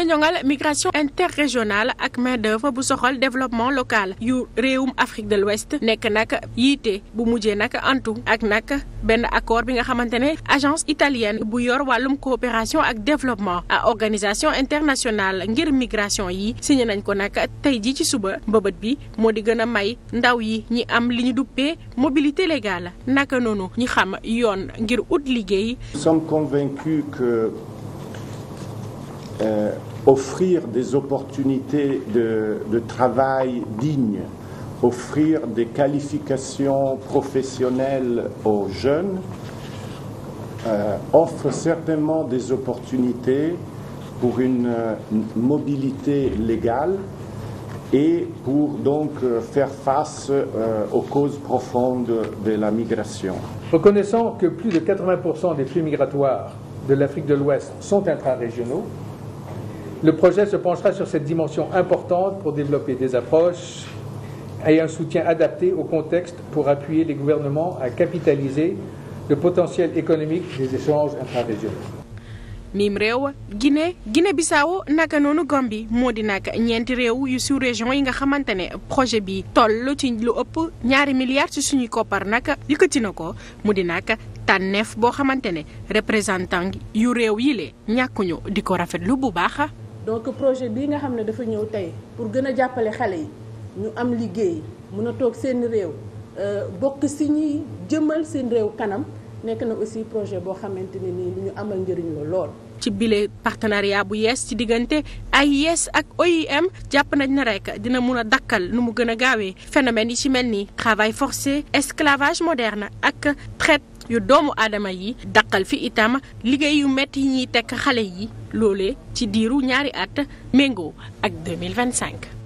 na ñoŋal migration interrégionale ak main d'œuvre bu soxal développement local yu réewum Afrique de l'Ouest nekk nag yiite bu mujjee nag antu ak nag benn accord bi nga xamante ne agence italienne bu yor wàllum coopération ak développement à organisation international ngir migration yi signé nañ ko nag tey ji ci suba mbëbët bi moo di gën a may ndaw yi ñi am li ñu duppee mobilité légale naka noonu ñi xam yoon ngir ut liggéey. Nous sommes que euh, offrir des opportunités de, de travail dignes, offrir des qualifications professionnelles aux jeunes, euh, offre certainement des opportunités pour une, une donc euh, faire face euh, aux causes profondes de migration. Reconnaissant que plus de Le projet se penchera sur cette dimension importante pour développer des approches et un soutien adapté au contexte pour appuyer les gouvernements à capitaliser le potentiel économique des échanges intra mim réew Guinée Guinée Bissau naka noonu Gambie moo di nag ñeenti réew yu sous région yi nga xamante ne projet bi toll ci lu ëpp ñaari milliards ci suñuy koppar nag yëkkati na ko mu di nag tànneef boo xamante ne représentant yu réew yi le ñàkkuñu di ko rafetlu bu baax. donc projet bii nga xam ne dafa ñëw tey pour gën a jàppale xale yi ñu am liggéey mun a toog seen réew euh, bokk si ñuy jëmal seen réew kanam nekk na aussi projet boo xamante ne nii lu ñu amal njëriñ la lool. ci bile partenariat bu yees ci diggante ay AIS ak OIM jàpp nañ ne rek dina mun a dakkal nu mu gën a gaawee phénomène yi ci mel ni travail forcé esclavage moderne ak traite yu doomu aadama yi daqal fi itam liggéey yu métti yi ñuy tekk xale yi loole ci diiru ñaari at méngoo ak 2025